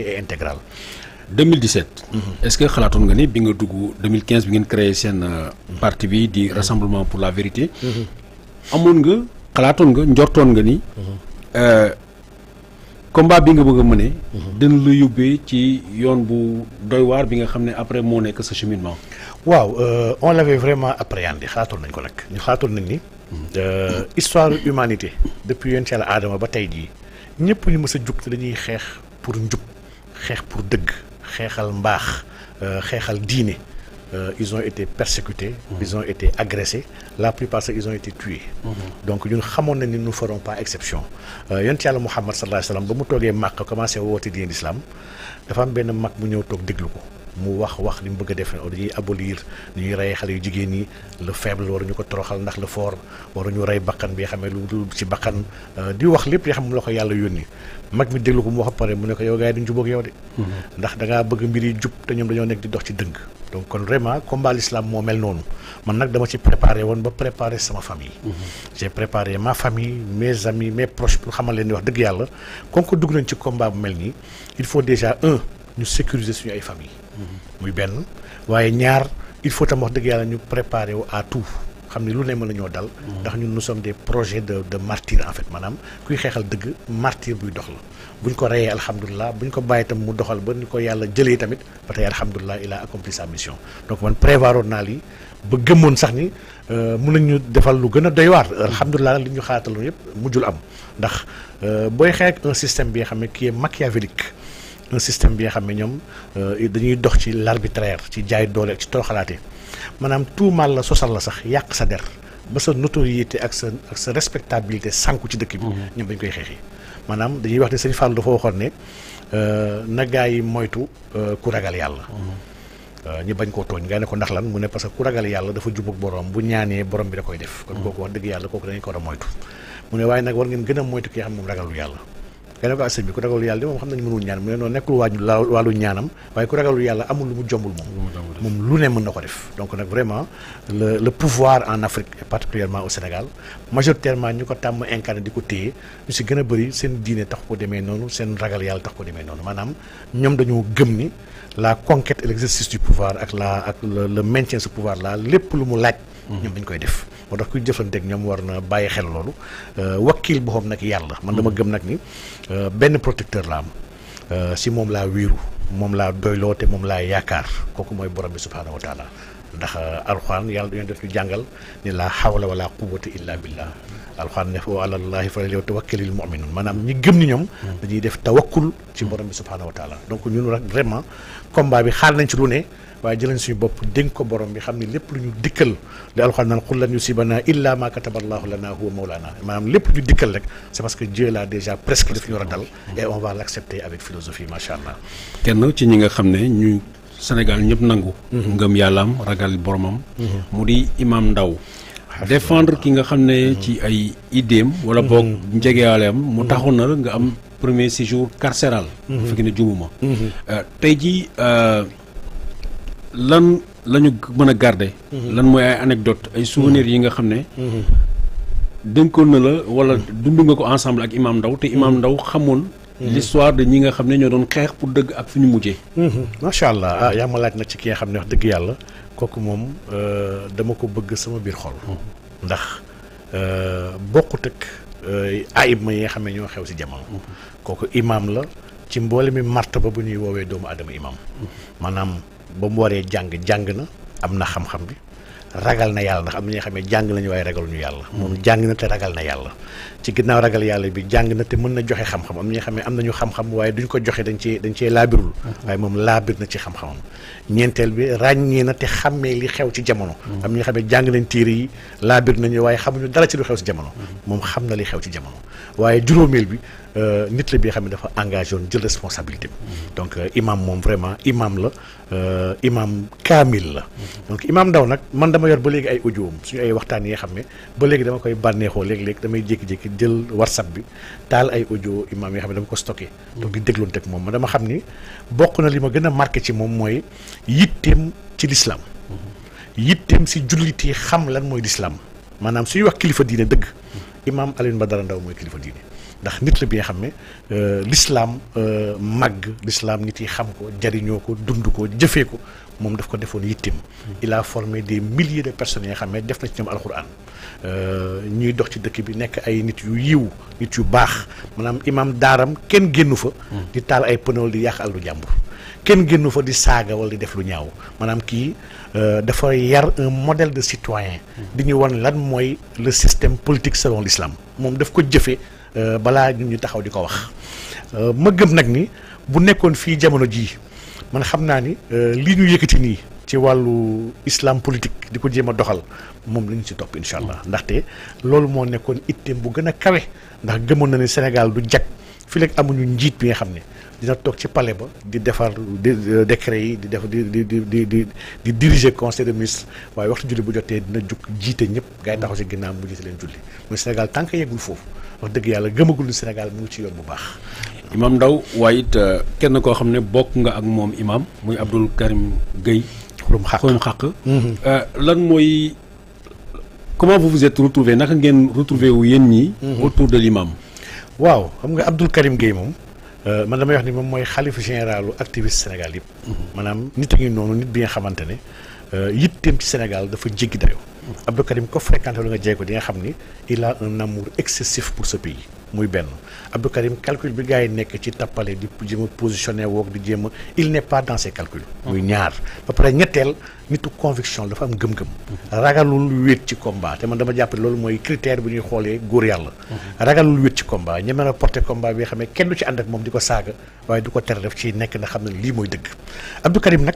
et intégral. 2017. Mhm. est-ce que la nga ni bi nga 2015 bi ngeen créé euh, mhm. parti bi di mhm. rassemblement pour la vérité. amoon nga xalaatoon nga njortoon nga ni. Euh, combat bi nga bëgg a mëne. dina ci yoon bu doy bi après moo nekk ce cheminement. waaw euh, on l'avait vraiment appréhendé xalaatoon nañ ko nag ñu xalaatoon ni. histoire humanité. depuis un ci Yàlla aadama ba tey jii ñëpp ñu mës a jug te dañuy xeex pour xex pour deug xexal mbax euh, xexal diine euh, ils ont été persécutés. Mhm. ils ont été agressés la plupart ils ont été tués. Mhm. donc ñun xamone ni nous ferons pas exception euh, yonent yalla Muhammad sallallahu alayhi wasallam. sallam ba mu toogee Màkka commencé woti diin islam dafa am ben mak bu ñëw toog déglu ko. mu wax wax li mu bëgg a def di abolir ni ñuy rey xale yu jigéen ñi le faible waruñu ko toroxal ndax le fort waruñu ray bakkan bi xamé lu ci bakkan euh, di wax lépp yi xam ne la ko yàlla yónni mag mi déglu ko mu wax paré mu ne ko yow gaay yi duñ jubóog yow de mm-hmm. ndax da ngaa bëgg mbir yi jub te ñoom dañoo nekk di dox ci dëng donc kon vraiment combat l'islam moo mel noonu man nag dama ci préparé woon ba préparé sama famille mm-hmm. j'ai préparé ma famille mes amis mes proches pour xamal leen wax dëgg yàlla kon ko dugg nañ ci combat bu mel nii il faut déjà un ñu sécuriser suñu ay famille muy benn waaye ñaar il faut tam wax dëgg yàlla ñu préparer wu à tout xam ne lu ne mën nañoo dal. Mm-hmm. ndax ñun nous sommes des projets de de martyr en fait maanaam kuy xeexal dëgg martyr buy dox la bu ñu ko reyee alhamdulilah bu ñu ko bàyyi tam mu doxal ba ñu ko yàlla jëlee tamit ba tey alhamdulilah il a accompli sa mission donc man prévoiroon naa lii ba gëmmoon sax ni euh, mun nañu defal lu gën a doy waar mm-hmm. alhamdulilah li ñu xaataloon yëpp mujjul am ndax euh, booy xeex un système bi nga xam ne qui est machiavélique un système bi nga xam ne ñoom euh, dañuy dox ci l'arbitraire ci jaay doole ak ci toroxalaate maanaam tuumaal la sosal la sax yàq sa der ba sa notoriété ak sa ak sa respectabilité sànku ci dëkk bi. Mhm. ñoom dañ koy xeexi maanaam dañuy wax ne sëñ Fall dafa waxoon ne euh, na gaa yi moytu euh, ku ragal yàlla. Mhm. ñu bañ koo tooñ nga ne ko ndax lan mu ne parce que ku ragal yàlla dafa jub ak borom bu ñaanee borom bi da koy def. kon mhm. kooku wax dëgg yàlla kooku dañ ko war a moytu. mu ne waaye nag war ngeen a moytu nga ne ko sëñ bi ku ragalul yàlla de moom xam nañu mënul ñaan mu ne noonu nekkul waaju wàllu ñaanam waaye ku ragalul yàlla amul lu mu jombul moom lu ne mën na ko def donc nag vraiment le le pouvoir en Afrique et particulièrement au Sénégal majoritairement ñu ko tàmm incarné di ko téye ñu si gën a bëri seen diine tax ko demee noonu seen ragal yàlla tax ko demee noonu maanaam ñoom dañoo gëm ni la conquête et l'exercice du pouvoir ak la ak le maintien Mm-hmm. ñoom dañ koy def moo tax ku jëflanteeg ñoom war na bàyyi xel loolu euh, wakkil boppam nag yàlla man dama mm-hmm. gëm nag ni euh, benn protecteur laa am euh, si moom laa wiiru moom laa doyloo te moom laa yaakaar kooku mooy borom bi subhaanahu wa taala ndax alxuraan yàlla dañu def ñu jàngal ni laa xawla wala quwwata illa billah alxuraan ne wa alallaahi falyatawakkalil mu'minuun maanaam ñi gëm ni ñoom mm-hmm. dañuy def tawakkul ci borom bi subhaanahu wa taala donc ñun nag vraiment combat bi xaar nañ ci lu ne waaye jëlañ suñu bopp dénk ko borom bi xam ne lépp lu ñu dikkal li alxuraan naan qul lan yusibana illa ma kataballaahu lana huwa mawlana maanaam lépp lu ñu dikkal rek c'est parce que Dieu l'a déjà presque daf ñu war a dal et on va l'accepter avec philosophie macha kenn ci ñi nga xam ne ñu Sénégal ñëpp nangu mhm. ngëm yàllaam ragal boromam mhm. mu di imam Ndaw défendre ki nga xam ne mhm. ci ay idéem wala boog njegewaaleem mu taxu nga am premier séjour carcéral fekk ne lan la ñu mën a garde mhm. lan mooy ay anecdote ay souvenirs yi nga xam ne. Mhm. Mhm. dénkoon na la wala dund nga ko ensemble ak Imaam ndaw te Imaam Ndao xamoon. l'histoire de ñi nga xam ne ñoo doon xeex pour dëgg ak fi ñu mujjee. macha allah ah yaa nag ci ki nga xam ne wax dëgg yàlla kooku moom euh, dama ko bëgg sama biir xol. ndax euh, bokkut ak euh, ayib ma yi nga xam ne ñoo xew si jamono. kooku imaam la ci mboole mi martaba bu ñuy woowee doomu aadama imaam maanaam. ba mu waree jàng jàng na am na xam-xam bi ragal na yàlla ndax am na ñoo xam jàng nañu waaye ragaluñu yàlla hmm. moom jàng na te ragal na yàlla ci ginnaaw ragal yàlla bi jàng na te mën na joxe xam-xam am na ñoo xam ne am nañu xam-xam waaye duñ ko joxe dañ ci dañ cee laabirul hmm. waaye moom laabir na ci xam-xamam ñeenteel bi ràññee na te xàmmee li xew ci jamono am ñi xam ne jàng nañ téere yi laabir nañu waaye xamuñu dara ci lu xew ci jamono moom xam na li xew ci jamono waaye juróomeel bi euh, nit la bi xam ne dafa engagé woon jël responsabilité bi donc euh, imam moom vraiment imam la euh, imam kaamil la donc imam ndaw nag man dama yor ba léegi ay audio am ay waxtaan yi nga xam ne ba léegi dama koy bànneexoo léeg-léeg damay jékki-jékki jël whatsapp bi taal ay ojo imam yi nga xam ne dama ko stocké donc di dégloon teg moom ma dama xam ni bokk na li ma gën a marqué ci moom mooy yittem ci l'islam yittem si juliti xam lan moy l'islam manam suñu wax kilifa diine deug imam Alioune Badara ndaw moy kilifa diine ndax nit la bi nga euh l'islam euh mag l'islam nit yi xam ko jariño ko dund ko jëfé ko mom daf ko defone yittem il a formé des milliers de personnes yi nga def na ci alcorane euh ñuy dox ci dëkk bi nek ay nit yu yiw nit yu bax manam imam Daram Ken gennu fa hmm. di tal ay pneu di yak alu kenn génnu fa di saaga wala di def lu ñaaw maanaam kii euh, dafa yar un modèle de citoyen hmm. di ñu wan lan mooy le système politique selon l'islam moom daf ko jëfe euh, balaa ñun ñu taxaw di ko wax euh, ma gëm nag ni bu nekkoon fii jamono jii man xam naa ni lii ñu yëkkati nii ci wàllu islaam politique di ko jéem a doxal moom lañu si topp incha allah hmm. ndaxte loolu moo nekkoon itteem bu gën a kawe ndax gëmoon na ne Sénégal du jag fi lekk amuñu njiit bi nga xam ne dina toog ci palais ba di defar euh, décret yi di def di di di di di diriger conseil des ministres waaye waxtu julli bu jotee dina jug jiite ñëpp gars yi taxaw si ginnaaw mu jiite leen julli muy Sénégal tant que yeggul foofu wax dëgg yàlla gëmagul Sénégal mu ngi ci yoon bu baax. imam Ndaw waaye it euh, kenn koo xam ne bokk nga ak moom imam muy Abdoul Karim Gueye. xurum xàq xurum xàq. Mhm. Euh, lan mooy comment vous vous êtes retrouvé naka ngeen retrouvé wu yéen ñi. Mhm. autour de l'imam waaw xam nga Abdoul Karim Gueye moom. Euh, man damay wax ni moom mooy xalifu généralu activiste Sénégal yëpp. maanaam nit a ngi noonu nit bi nga xamante ne euh, yitteem ci Sénégal dafa jéggi dayoo. Abdou Karim ko fréquenté lu nga jege ko di nga xam ni il a un amour excessif pour ce pays. muy ben Abdou Karim calcul bi gaay nek ci tappale di jéem a positionné woog di jéem il n'est pas dans ses calculs. muy mm-hmm. ñaar ba pare ñetteel nitu conviction dafa am gëm-gëm. Mm-hmm. ragalul wét ci combat té man dama japp loolu moy critère bu ñuy xoolee góor yàlla. Mm-hmm. ragalul wét ci combat ñeme na porté combat bi xamé kenn du ci and ak mom diko saga saaga duko du def ci nek na xam ne moy dëgg Abdou Karim nak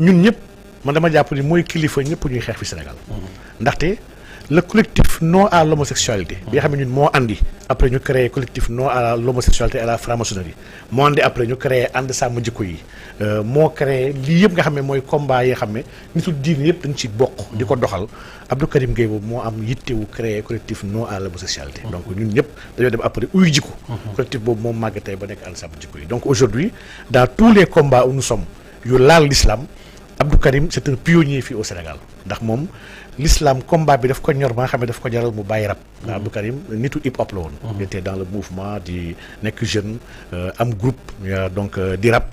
ñun ñëpp man dama japp ni moy kilifa ñëpp ñuy xex fi Sénégal. ndaxte le collectif non à l'homosexualité bi nga nous ne ñun moo andi après ñu créer collectif non à l'homosexualité à la franc-maçonnerie moo andi après ñu créer ànd sàmm jikko yi euh, moo créé lii yëpp nga xam ne combat yi nga xam ne nitu diine yëpp dañ ci bokk di ko doxal Abdou Karim Gueye boobu moo am yittewu créé collectif non à l'homosexualité donc ñun ñëpp dañoo dem après uy jikko collectif boobu moom màgg tey ba nekk ànd sàmm donc aujourd'hui dans tous les combats où nous sommes y a l'islam Abdou Karim c'est un pionnier fi au Sénégal ndax mom l'islam combat bi daf ko ñor ba xamé daf ko jaral mu bàyyi rab mm-hmm. Abdou Karim nitu hip hop la woon mm-hmm. il était dans le mouvement di nek jeune euh, am groupe euh, donc euh, di rap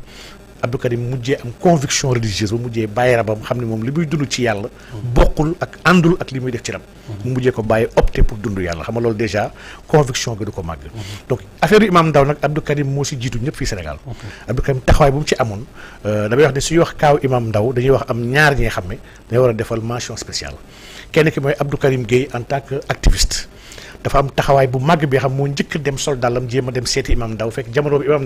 Abdou Karim mujjee am conviction religieuse ba mujjee bàyyi rabam xam ne moom li muy dund ci yàlla. bokkul ak àndul ak li muy def ci rab. mu mujjee ko bàyyi opté pour dund yàlla xam nga loolu déjà conviction gi du ko màgg. donc affaire yu Imam ndaw nag Abdou Karim moo si jiitu ñëpp fii Sénégal. Abdou Karim taxawaay bu mu ci amoon euh, damay wax ne suñuy wax kaaw Imam Ndao dañuy wax am ñaar ñi nga xam ne dañoo war a defal mention spéciale kenn ki mooy Abdou Karim Gueye en tant que activiste. dafa am taxawaay bu màgg bi xam moo njëkk dem sol dàllam jéem a dem seeti Imam Ndao jamono bi Imam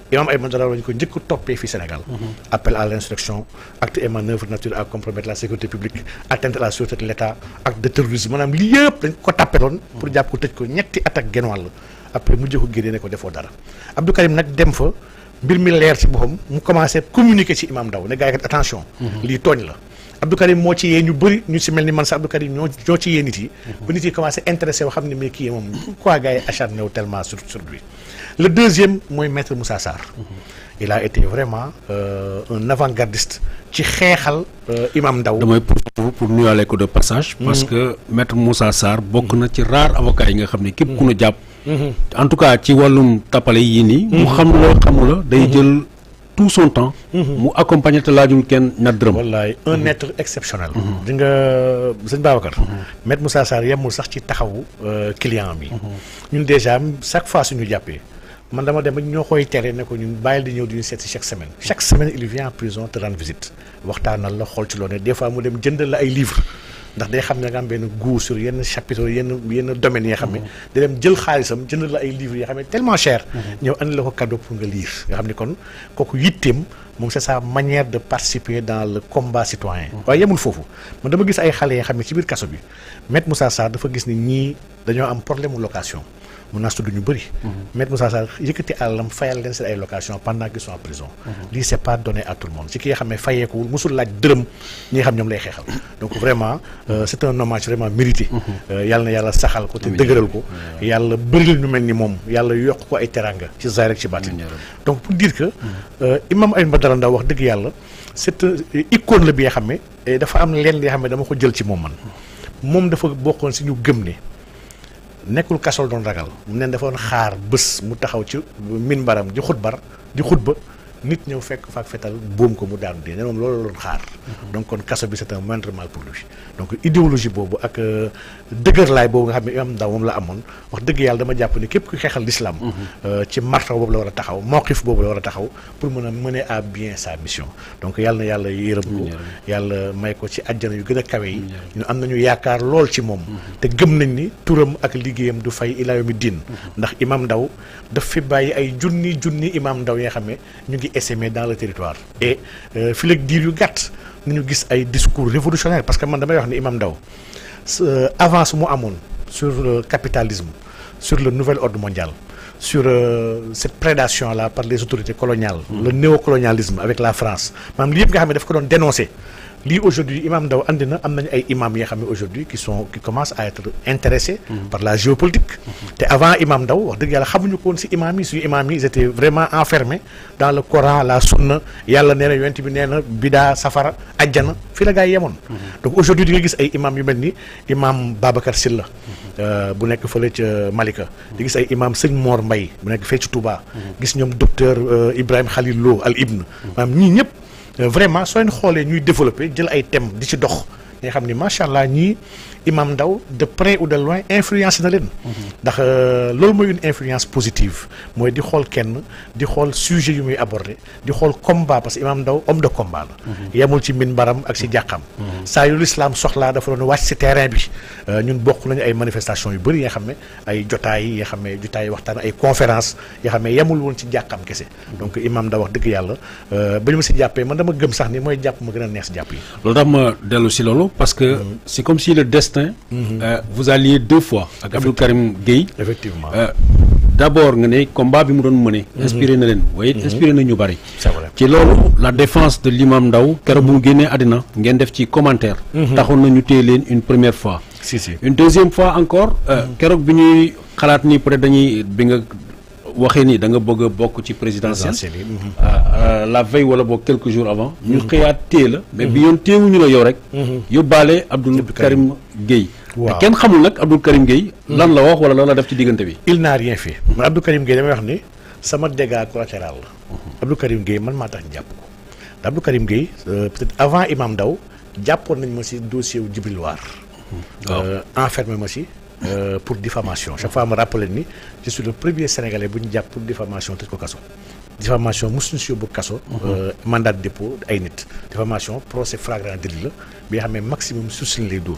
imam ay mandara lañu ko njëkk toppee fi Sénégal mhm. appel à l'insurrection acte et manœuvre nature à compromettre la sécurité publique atteinte la sûreté de l'État acte de terrorisme maanaam lii yëpp dañ ko tappeloon pour jàpp ko tëj ko ñetti attaque genn wàll après mujjee ko génnee ne ko defoo dara Abdou Karim nag dem fa mbir mi leer ci boppam mu commencé communiquer ci imam Ndao ne gars yi attention mhm. lii tooñ la Abdou Karim moo ci yee ñu bëri ñu le deuxième mooy maître Moussa Sarr il a été vraiment euh, un avant-gardiste ci xeexal euh, imam Ndaw damay pour pour nuyuwaale ko de passage mm-hmm. parce que maître Moussa Sarr bokk na ci rare avocat yi nga xam ne képp ku mm-hmm. Mm-hmm. en tout cas ci wàllum tappale yii nii mu xam loo xamu day jël tout son temps mu accompagner te laajul kenn ñaar dërëm wallaay un être exceptionnel di nga euh, sëñ Babacar maître Moussa Sarr yemul sax ci taxawu euh, client bi ñun déjà chaque fois suñu jàppee man dama dem ba ñoo koy tere ne ko ñun bàyyil di ñëw di ñu seet chaque semaine chaque semaine il vient en prison te rendre visite waxtaanal la xol ci loone des fois mu dem jëndal la ay livres ndax day xam ne nga am benn goût sur yenn chapitre yenn yenn domaine yi nga xam ne mhm. da dem jël xaalisam jëndal la ay livres yi nga xam ne tellement cher mhm. ñëw andi la ko cadeau pour nga lire nga xam ne kon kooku yitteem moom c'est sa manière de participer dans le combat citoyen mhm. waaye yemul foofu man dama gis ay xale yi nga xam ne ci biir kaso bi Maître Moussa Sarr dafa gis ni ñii dañoo am problème location mun naa tudd ñu bëri. Mhm. maître Moussa Sarr yëkkati àllam fayal leen seen ay location pendant qu'ils sont en prison. Mhm. lii c'est pas donné à tout le monde ci ki nga xam ne fayeekuwul musul laaj dërëm ñi xam ñoom lay xeexal donc vraiment euh, mhm. c'est un vraiment mérité. Euh, yàlla saxal ko te dëgëral ko. yàlla bëril ñu mel ni moom yàlla yokk ko ay teranga ci zaahir ak ci baatin donc pour dire que euh, imam Alioune Badara Ndao wax dëgg yàlla c'est icône la bi nga xam ne dafa am leen li xam ne dama ko ci moom man moom dafa bokkoon si ñu gëm ne. nekkul kaso doon ragal. nen dafa doon xaar bés mu taxaw ci mbaram di xutbar di xutba nit ñëw fekk faak fetal boom ko mu daanu dee ne moom loolu loon xaar donc kon kaso bi c'est un moindre mal pour lui donc idéologie boobu ak euh, dëgërlaay boobu nga xam ne imam ndaw moom la amoon wax dëgg yàlla dama jàpp ne képp ku xeexal l'islam mhm. euh, ci martaw boobu la war a taxaw mawqif boobu la war a taxaw pour mën a mener à bien sa mission donc yàlla na yàlla yërëm ko yàlla may ko ci àjjana yu gën a kawe yi ñu am nañu yaakaar lool ci moom mhm. te gëm nañ ni turam ak liggéeyam du fay ilaa yawmi diin mhm. ndax imam ndaw daf fi bàyyi ay junni junni imam ndaw yi xam Et essaimer dans le territoire et fi leeg nous yu gàtt ñu gis ay discours révolutionnaire parce que man damay wax ni Imam Daw euh, avance mu amone sur le capitalisme sur le nouvel ordre mondial sur euh, cette prédation là par les autorités coloniales mm. le néocolonialisme avec la France maanaam li nga xamé ne daf ko dénoncer Li aujourd'hui imam Daw Andina, na am ay imam yoo aujourd'hui qui sont qui commencent à être intéressés mhm. par la géopolitique mhm. te avant imam Daw, wax dëgg yàlla xamuñu ko woon si imam yi ils étaient vraiment enfermés dans le Coran la sunna Yalla nee na yonent Bida, safara ajjana fii la gaa mhm. donc aujourd'hui di nga gis ay imam yu imam Babacar Sylla euh, bu nekk fële ca Malika di y ay imam sëñ Mor Mbaye bu nekk fee ci Touba gis ñoom docteur euh, Ibrahim Khalil Lo al Ibn Imam ñii Euh, vraiment soo leen xoolee ñuy développer jël ay thèmes di ci dox nga xam ni macha allah ñii imam Ndaw de près ou de loin influence na leen. ndax euh, loolu mooy une influence positive mooy di xool kenn di xool sujet yu muy abordé di xool combat parce que imam Ndaw homme de combat la. Mhm. yemul ci minbaram ak ci mhm. jàqam. Mhm. saa yu lislaam soxlaa dafa doon wàcc ci terrain bi euh, ñun bokk nañu ay manifestations yu bëri yi nga xam ne ay jotaay yi nga xam ne jotaay waxtaan ay conférence yi nga xam ne yemul woon ci jàqam kese. donc imam Ndaw wax dëgg yàlla euh, ba ñu si jàppee man dama gëm sax ni mooy jàpp ma gën a neex si jàpp dellu si loolu. parce que mhm. c'est comme si le destin mhm. euh, vous alliez deux fois ak Abdou Karim Gueye effectivement euh, d'abord nga combat bi mu doon mené, mhm. inspiré na leen waaye inspiré na ñu bari ci loolu la défense de l'imam Ndaw keroog bu mu génnee àddina def ci commentaire taxoon na ñu une première fois si si une deuxième fois encore euh, keroog bi ñuy xalaat ni peut dañuy bi nga waxé ni da nga bëgg bok ci présidentielle mhm. ah, ah, la veille wala bok quelques jours avant ñu mhm. xëyaat tée la mais bi mhm. yoon téewuñu la yow rek yobalé Abdoul Karim Gueye ken xamul nak Abdoul Karim Gueye lan la wax wala lan la def ci digënté bi il n'a rien fait Abdou Abdoul Karim Gueye damay wax ni sama dégâts collatéral la Abdoul Karim Gueye man ma tax ñu ko Abdoul Karim Gueye euh, peut-être avant Imam Daw jàppoon nañ ma ci dossier wu Djibril War euh, enfermé ma ci euh, pour diffamation chaque fois me rappelle, ni je suis le premier sénégalais bu ñu pour diffamation tëj ko diffamation mosuñu si yóbbu Kasso, mhm. euh, mandat de dépôt ay nit diffamation procès flagrant délit la bi nga xam ne maximum sursis les dóor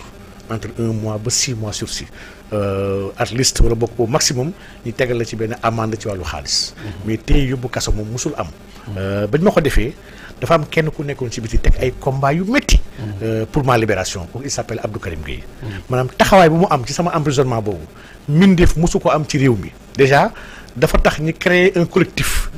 entre un mois ba six mois sursis euh, at least wala bokk boobu maximum ñu tegal la ci benn amende ci wàllu xaalis mhm. mais tey yóbbu kaso moom mosul am mhm. euh, bañ ma ko defee dafa am kenn ku nekkoon ci biti teg ay combat yu métti. Euh, pour ma libération kooku il s'appelle Abdou Karim Gueye. maanaam taxawaay bu mu am ci sama emprisonnement boobu. mbindeef mosu ko am ci réew mi déjà dafa tax ñu créer un collectif.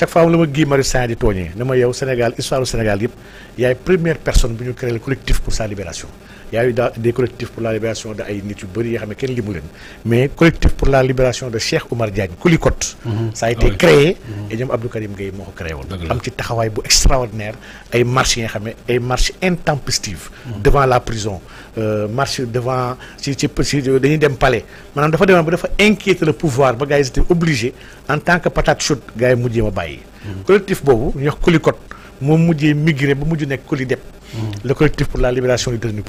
chaque fois on la ma Guy Marius Sagna di tooñee ne yow Sénégal histoire du Sénégal a une première personne bu ñu créé le collectif pour sa libération y a eu des collectifs pour la libération de ay nit yu bëri yoo xam ne kenn limu mais collectif pour la libération de Cheikh Omar Diagne Koulikot. Mhm. ça a été ah créé. Mhm. et ñoom Abdou Karim Gueye moo créé On am ci taxawaay bu extraordinaire ay marche. yi nga xam ne ay marches intempestives. Mhm. devant la prison euh, marche devant ci ci ci dañuy dem palais maanaam dafa demoon ba dafa inquiéter le pouvoir ba gars yi obligés en tant que patate chaude gars yi ma bàyyi. collectif boobu ñu wax Colicot moom mujjee migré ba mujj nekk Colidep. Mm. le collectif pour la libération du détenu politique.